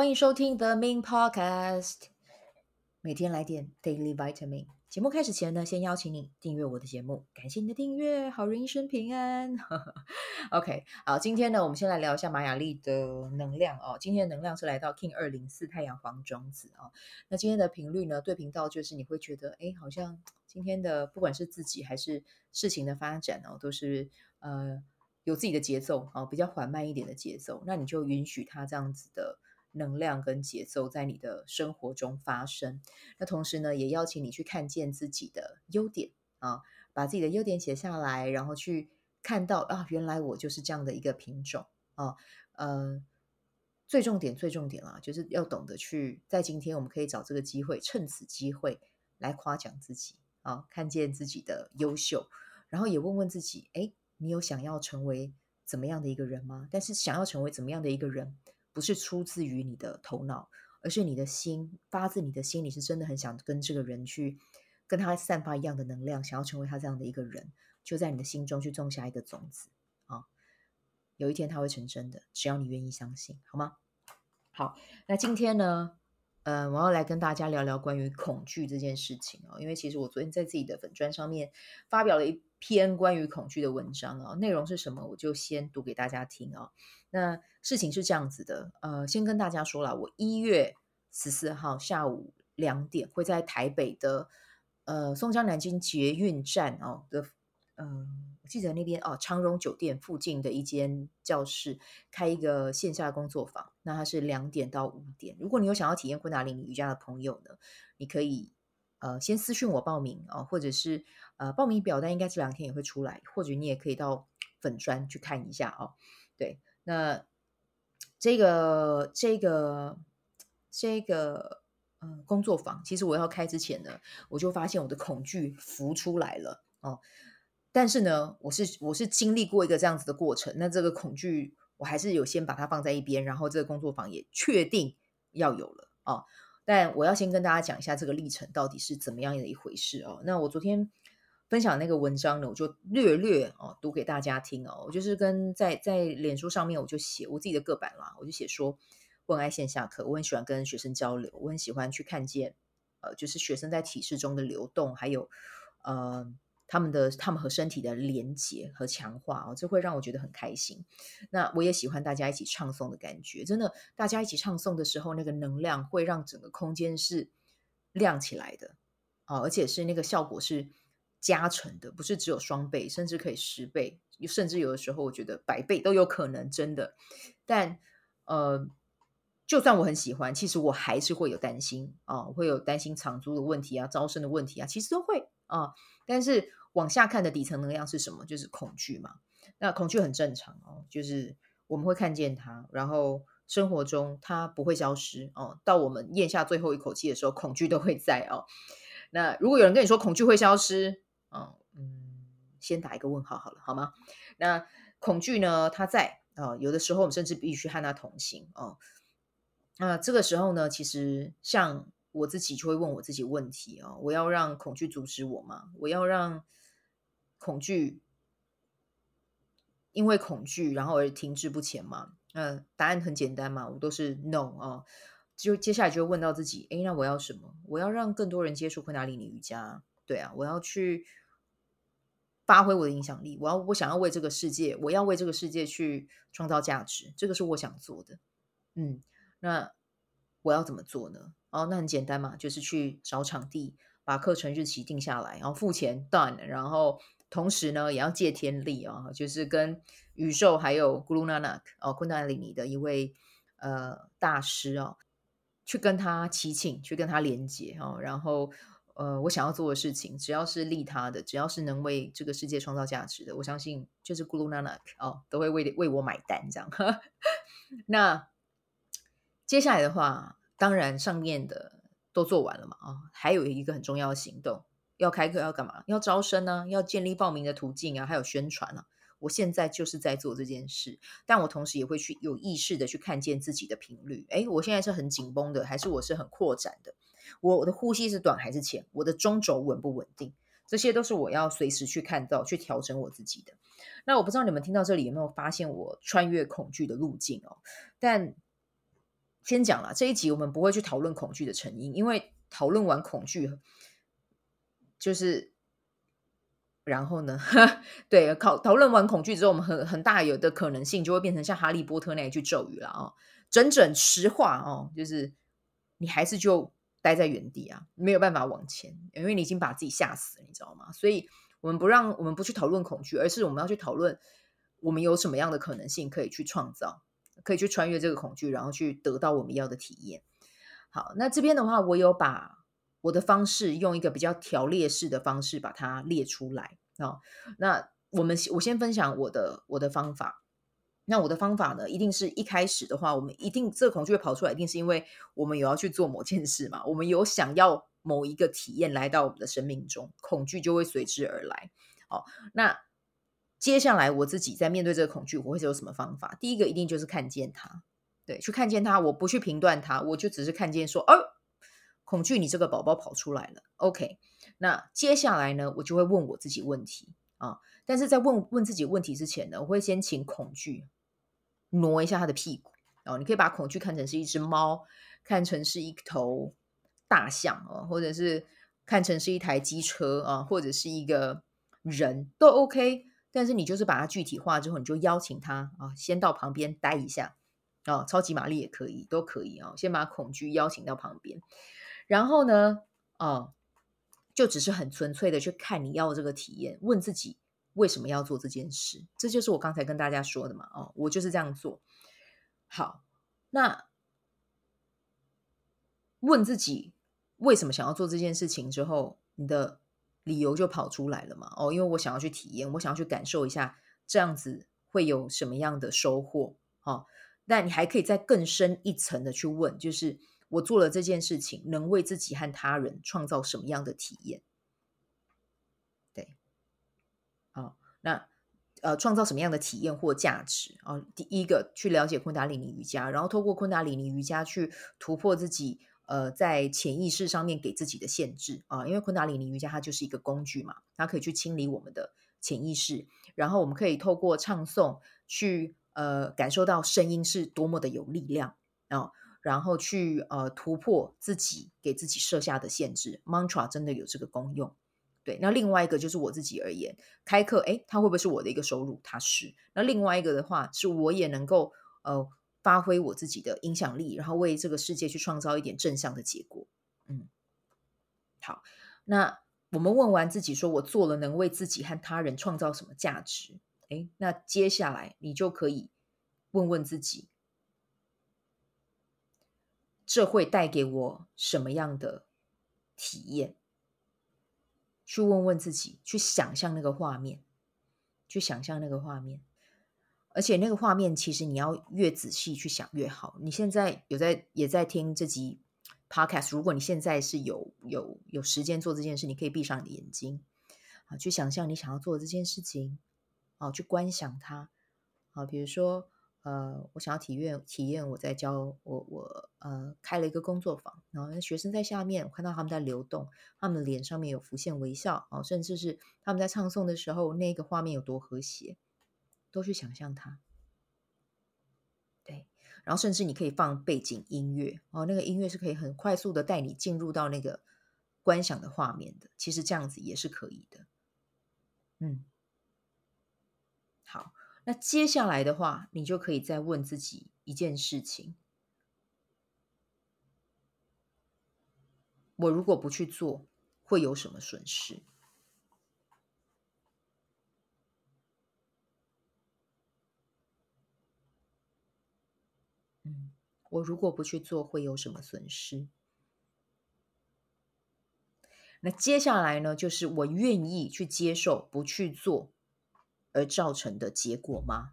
歡迎收聽 The Min Podcast，每天來點 Daily Vitamin。節目開始前呢，先邀請你訂閱我的節目，感謝你的訂閱，好人一生平安。 OK，好，今天呢，我們先來聊一下瑪雅曆的能量哦。今天的能量是來到 King 二零四太陽黃種子啊、哦。那今天的頻率呢，對頻道就是你會覺得，哎，好像今天的不管是自己還是事情的發展哦，都是呃有自己的節奏哦，比較緩慢一點的節奏。那你就允許它這樣子的能量跟節奏在你的生活中發生，那同時呢，也邀請你去看見自己的優點啊，把自己的優點寫下來，然後去看到啊，原來我就是這樣的一個品種啊。呃，最重點、最重點了，就是要懂得去在今天，我們可以找這個機會，趁此機會來誇獎自己啊，看見自己的優秀，然後也問問自己，誒，你有想要成為怎麼樣的一個人嗎？但是想要成為怎麼樣的一個人？不是出自於你的頭腦，而是你的心，發自你的心裡是真的很想跟這個人去跟他散發一樣的能量，想要成為他這樣的一個人，就在你的心中去種下一個種子啊，有一天他會成真的，只要你願意相信，好嗎？好，那今天呢，呃，我要來跟大家聊聊關於恐懼這件事情哦，因為其實我昨天在自己的粉專上面發表了一篇關於恐懼的文章哦，內容是什麼，我就先讀給大家聽哦。那事情是這樣子的，呃，先跟大家說啦，我一月十四號下午兩點會在台北的呃松江南京捷運站哦的嗯。呃記得那邊哦，長榮酒店附近的一間教室開一個線下工作坊，那它是兩點到五點。如果你有想要體驗昆達里尼瑜伽的朋友呢，你可以呃先私訊我報名哦，或者是呃報名表單應該這兩天也會出來，或者你也可以到粉專去看一下哦。對，那這個這個這個嗯工作坊，其實我要開之前呢，我就發現我的恐懼浮出來了哦。但是呢，我是我是經歷過一個這樣子的過程，那這個恐懼我還是有先把它放在一邊，然後這個工作坊也確定要有了啊，哦。但我要先跟大家講一下這個歷程到底是怎麼樣的一回事哦。那我昨天分享那個文章呢，我就略略哦讀給大家聽哦。我就是跟在在臉書上面我就寫我自己的個版啦，我就寫說我很愛線下課，我很喜歡跟學生交流，我很喜歡去看見呃，就是學生在體式中的流動，還有嗯。呃他們的他們和身體的連接和強化哦，這會讓我覺得很開心。那我也喜歡大家一起唱誦的感覺，真的，大家一起唱誦的時候，那個能量會讓整個空間是亮起來的，哦，而且是那個效果是加成的，不是只有雙倍，甚至可以十倍，甚至有的時候我覺得百倍都有可能，真的。但呃，就算我很喜歡，其實我還是會有擔心，哦，會有擔心場租的問題啊，招生的問題啊，其實都會啊，哦，但是。往下看的底層能量是什麼？就是恐懼嘛。那恐懼很正常哦，就是我們會看見它，然後生活中它不會消失哦。到我們咽下最後一口氣的時候，恐懼都會在哦。那如果有人跟你說恐懼會消失，哦，嗯，先打一個問號好了，好嗎？那恐懼呢，它在哦。有的時候我們甚至必須和它同行哦。那這個時候呢，其實像我自己就會問我自己問題哦：我要讓恐懼阻止我嗎？我要讓恐懼，因為恐懼，然後而停滯不前嘛？嗯，呃，答案很簡單嘛，我都是 no，哦，就接下來就問到自己，哎，那我要什麼？我要讓更多人接觸昆達里尼瑜伽，對啊，我要去發揮我的影響力。我要，我想要為這個世界，我要為這個世界去創造價值，這個是我想做的。嗯，那我要怎麼做呢？哦，那很簡單嘛，就是去找場地，把課程日期定下來，然後付錢，done，然後。同時呢，也要借天力啊、哦，就是跟宇宙還有 Guru Nanak 哦，昆達里尼的一位呃大師哦，去跟他祈請，去跟他連接哦。然後呃，我想要做的事情，只要是利他的，只要是能為這個世界創造價值的，我相信就是 Guru Nanak 哦，都會為為我買單這樣。 那接下來的話，當然上面的都做完了嘛啊、哦，還有一個很重要的行動。要開課要幹嘛？要招生呢、啊？要建立報名的途徑啊，還有宣傳呢、啊。我現在就是在做這件事，但我同時也會去有意識的去看見自己的頻率。誒、欸，我現在是很緊繃的，還是我是很擴展的？我我的呼吸是短還是淺？我的中軸穩不穩定？這些都是我要隨時去看到、去調整我自己的。那我不知道你們聽到這裡有沒有發現我穿越恐懼的路徑哦？但先講了這一集，我們不會去討論恐懼的成因，因為討論完恐懼。就是，然後呢，對，討討論完恐懼之後，我們很很大有的可能性就會變成像哈利波特那一句咒語了啊，哦！整整石化哦，就是你還是就待在原地啊，沒有辦法往前，因為你已經把自己嚇死了，你知道嗎？所以我們不讓我們不去討論恐懼，而是我們要去討論我們有什麼樣的可能性可以去創造，可以去穿越這個恐懼，然後去得到我們要的體驗。好，那這邊的話，我有把。我的方式用一個比較條列式的方式把它列出來。好，那我們我先分享我的我的方法。那我的方法呢，一定是一開始的話，我們一定這個恐懼跑出來，一定是因為我們有要去做某件事嘛，我們有想要某一個體驗來到我們的生命中，恐懼就會隨之而來。好，那接下來我自己在面對這個恐懼，我會有什麼方法？第一個一定就是看見它，對，去看見它，我不去評斷它，我就只是看見說，哦。恐懼，你這個寶寶跑出來了。OK，那接下來呢，我就會問我自己問題啊。但是在問問自己問題之前呢，我會先請恐懼挪一下他的屁股。啊，你可以把恐懼看成是一隻貓，看成是一頭大象啊，或者是看成是一台機車啊，或者是一個人都 OK。但是你就是把它具體化之後，你就邀請他啊，先到旁邊待一下啊，超級瑪麗也可以，都可以啊。先把恐懼邀請到旁邊。然後呢，哦，就只是很純粹的去看你要這個體驗，問自己為什麼要做這件事。這就是我剛才跟大家說的嘛。哦，我就是這樣做。好，那問自己為什麼想要做這件事情之後，你的理由就跑出來了嘛？哦，因為我想要去體驗，我想要去感受一下，這樣子會有什麼樣的收穫？哦，那你還可以再更深一層的去問，就是。我做了這件事情，能為自己和他人創造什麼樣的體驗？對，哦，那呃，創造什麼樣的體驗或價值啊？哦，第一個，去了解昆達里尼瑜伽，然後透過昆達里尼瑜伽去突破自己，呃，在潛意識上面給自己的限制啊，呃，因為昆達里尼瑜伽它就是一個工具嘛，它可以去清理我們的潛意識，然後我們可以透過唱誦去呃感受到聲音是多麼的有力量哦。呃然後去呃突破自己給自己設下的限制，Mantra 真的有這個功用。對，那另外一個就是我自己而言，開課誒，它會不會是我的一個收入？它是。那另外一個的話是，我也能夠呃發揮我自己的影響力，然後為這個世界去創造一點正向的結果。嗯，好。那我們問完自己，說我做了能為自己和他人創造什麼價值？誒，那接下來你就可以問問自己。這會帶給我什麼樣的體驗？去問問自己，去想象那個畫面，去想象那個畫面。而且那個畫面，其實你要越仔細去想越好。你現在有在也在聽這集 podcast，如果你現在是有有有時間做這件事，你可以閉上你的眼睛，啊，去想象你想要做的這件事情，啊，去觀想它，啊，比如說。呃，我想要體驗體驗，我在教我我呃開了一個工作坊，然後學生在下面，我看到他們在流動，他們的臉上面有浮現微笑哦，甚至是他們在唱誦的時候，那個畫面有多和諧，都去想象它。對，然後甚至你可以放背景音樂哦，那個音樂是可以很快速的帶你進入到那個觀想的畫面的，其實這樣子也是可以的，嗯。那接下來的話，你就可以再問自己一件事情：我如果不去做，會有什麼損失？嗯，我如果不去做，會有什麼損失？那接下來呢，就是我願意去接受，不去做，而造成的結果嗎？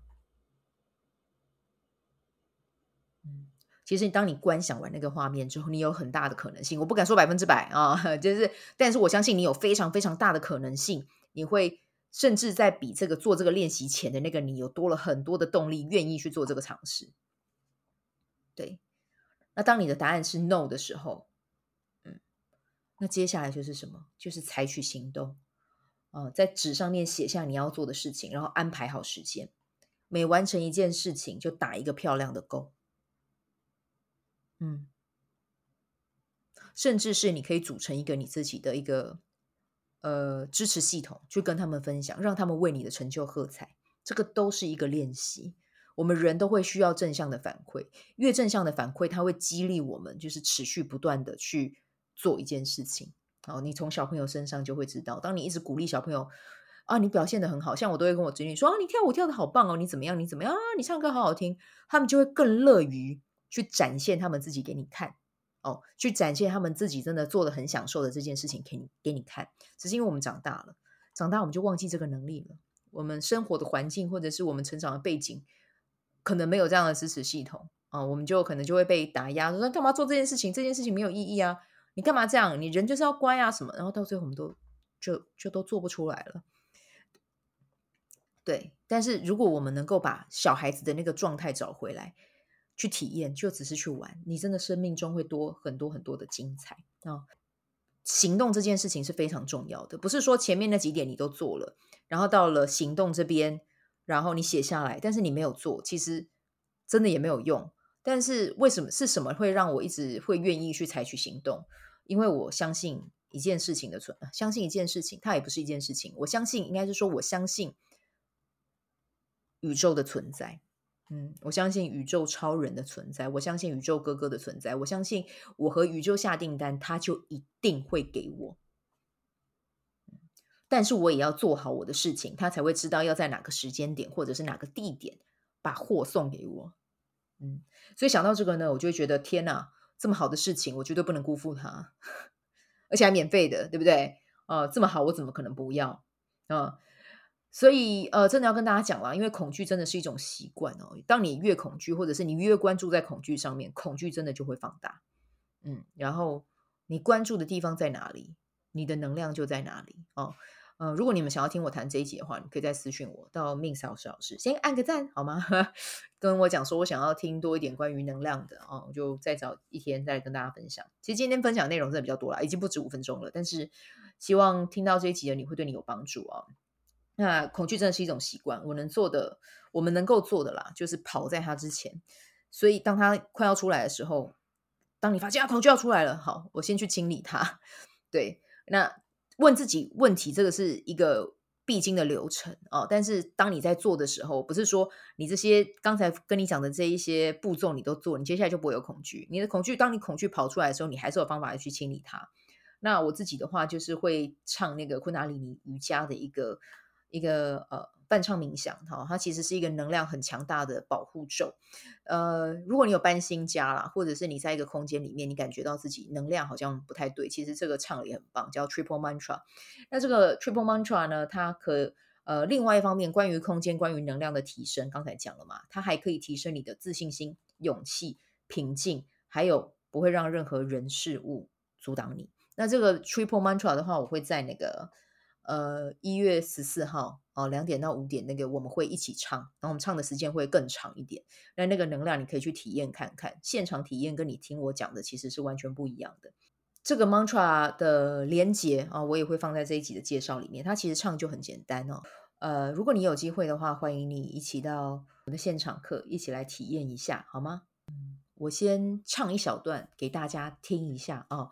嗯，其實當你觀想完那個畫面之後，你有很大的可能性，我不敢說百分之百啊，哦，就是，但是我相信你有非常非常大的可能性，你會甚至在比這個做這個練習前的那個你有多了很多的動力，願意去做這個嘗試。對，那當你的答案是 no 的時候，嗯，那接下來就是什麼？就是採取行動。啊、哦，在紙上面寫下你要做的事情，然後安排好時間。每完成一件事情，就打一個漂亮的勾。嗯，甚至是你可以組成一個你自己的一個呃支持系統，去跟他們分享，讓他們為你的成就喝彩。這個都是一個練習。我們人都會需要正向的反饋，越正向的反饋，它會激勵我們，就是持續不斷的去做一件事情。哦，你從小朋友身上就會知道，當你一直鼓勵小朋友啊，你表現得很好，像我都會跟我侄女說啊，你跳舞跳得好棒哦，你怎麼樣？你怎麼樣？你唱歌好好聽，他們就會更樂於去展現他們自己給你看哦，去展現他們自己真的做得很享受的這件事情給你給你看。只是因為我們長大了，長大我們就忘記這個能力了，我們生活的環境或者是我們成長的背景，可能沒有這樣的支持系統啊、哦，我們就可能就會被打壓，說幹嘛做這件事情？這件事情沒有意義啊。你幹嘛這樣？你人就是要乖啊，什麼？然後到最後，我們都就就都做不出來了。對，但是如果我們能夠把小孩子的那個狀態找回來，去體驗，就只是去玩，你真的生命中會多很多很多的精彩啊！行動這件事情是非常重要的，不是說前面那幾點你都做了，然後到了行動這邊，然後你寫下來，但是你沒有做，其實真的也沒有用。但是為什麼？是什麼會讓我一直會願意去採取行動？因為我相信一件事情的存，相信一件事情，它也不是一件事情。我相信應該是說，我相信宇宙的存在。嗯，我相信宇宙超人的存在，我相信宇宙哥哥的存在，我相信我和宇宙下訂單，他就一定會給我。嗯，但是我也要做好我的事情，他才會知道要在哪個時間點，或者是哪個地點把貨送給我。嗯，所以想到這個呢，我就會覺得天哪。這麼好的事情，我絕對不能辜負他，而且還免費的，對不對？啊、呃，這麼好，我怎麼可能不要啊、呃？所以，呃，真的要跟大家講啦，因為恐懼真的是一種習慣哦。當你越恐懼，或者是你越關注在恐懼上面，恐懼真的就會放大。嗯，然後你關注的地方在哪裡，你的能量就在哪裡哦。嗯、呃，如果你們想要聽我談這一集的話，你可以再私訊我到 Min 老師老師，先按個讚好嗎？ 跟我講說，我想要聽多一點關於能量的啊，我、哦、就再找一天再跟大家分享。其實今天分享的內容真的比較多了，已經不止五分鐘了，但是希望聽到這一集的你會對你有幫助啊、哦。那恐懼真的是一種習慣，我能做的，我們能夠做的啦，就是跑在它之前。所以，當它快要出來的時候，當你發現啊，恐懼要出來了，好，我先去清理它。對，那。問自己問題，這個是一個必經的流程哦，但是當你在做的時候，不是說你這些剛才跟你講的這一些步驟你都做，你接下來就不會有恐懼。你的恐懼，當你恐懼跑出來的時候，你還是有方法去清理它。那我自己的話，就是會唱那個昆達里尼瑜伽的一個一個呃。伴唱冥想，它其實是一個能量很強大的保護咒。呃，如果你有搬新家了，或者是你在一個空間裡面，你感覺到自己能量好像不太對，其實這個唱也很棒，叫 Triple Mantra。那這個 Triple Mantra 呢，它可呃，另外一方面關於空間、關於能量的提升，剛才講了嘛，它還可以提升你的自信心、勇氣、平靜，還有不會讓任何人事物阻擋你。那這個 Triple Mantra 的話，我會在那個呃一月十四號。哦，兩點到五點那個我們會一起唱，然後我們唱的時間會更長一點。那那個能量你可以去體驗看看，現場體驗跟你聽我講的其實是完全不一樣的。這個 mantra 的連結啊，哦，我也會放在這一集的介紹裡面。它其實唱就很簡單哦。呃，如果你有機會的話，歡迎你一起到我的現場課一起來體驗一下，好嗎？嗯，我先唱一小段給大家聽一下啊，哦。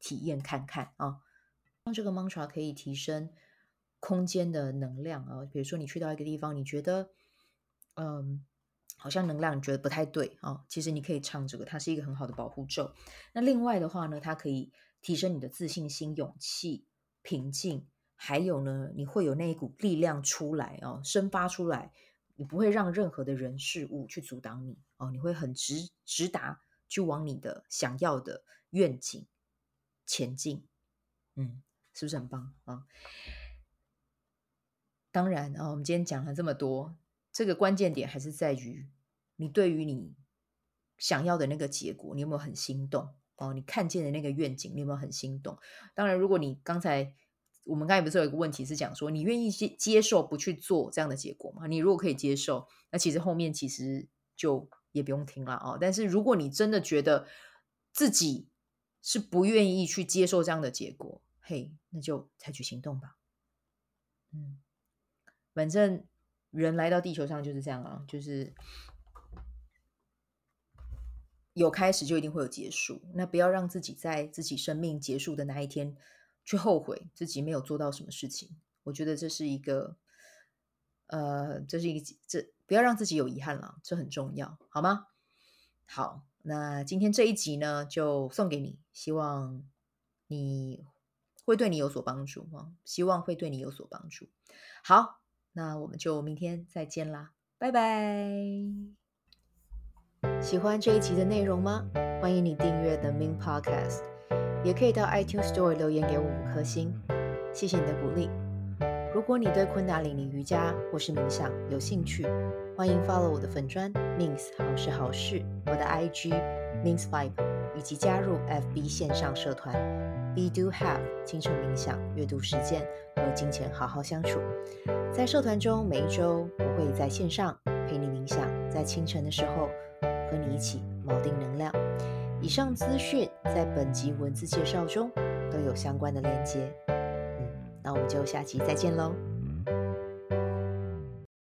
體驗看看啊，這個 mantra 可以提升空間的能量啊。比如說，你去到一個地方，你覺得，嗯，好像能量你覺得不太對啊。其實你可以唱這個，它是一個很好的保護咒。那另外的話呢，它可以提升你的自信心、勇氣、平靜，還有呢，你會有那一股力量出來哦、啊，生發出來，你不會讓任何的人事物去阻擋你哦、啊。你會很直直達去往你的想要的願景。前進，嗯，是不是很棒啊、哦？當然啊、哦，我們今天講了這麼多，這個關鍵點還是在於你對於你想要的那個結果，你有沒有很心動哦？你看見的那個願景，你有沒有很心動？當然，如果你剛才，我們剛才不是有一個問題是講說，你願意接接受不去做這樣的結果嗎？你如果可以接受，那其實後面其實就也不用聽了啊、哦。但是如果你真的覺得自己，是不願意去接受這樣的結果，嘿，那就採取行動吧。嗯，反正人來到地球上就是這樣啊，就是有開始就一定會有結束。那不要讓自己在自己生命結束的那一天去後悔自己沒有做到什麼事情。我覺得這是一個，呃，這是一個，這不要讓自己有遺憾啦，這很重要，好嗎？好。那今天這一集呢，就送給你，希望你會對你有所幫助啊，希望會對你有所幫助。好，那我們就明天再見啦，拜拜！喜歡這一集的內容嗎？歡迎你訂閱 The Min Podcast，也可以到 iTunes Store 留言給我五顆星，謝謝你的鼓勵。如果你對昆達里尼瑜伽或是冥想有興趣，歡迎 follow 我的粉專 Mins 好時好事，我的 IG Mins Vibe 以及加入 FB 線上社團 Be Do Have 清晨冥想閱讀時間和金錢好好相處。在社團中，每一周我會在線上陪你冥想，在清晨的時候和你一起錨定能量。以上資訊在本集文字介紹中都有相關的連結。那我們就下期再見嘍。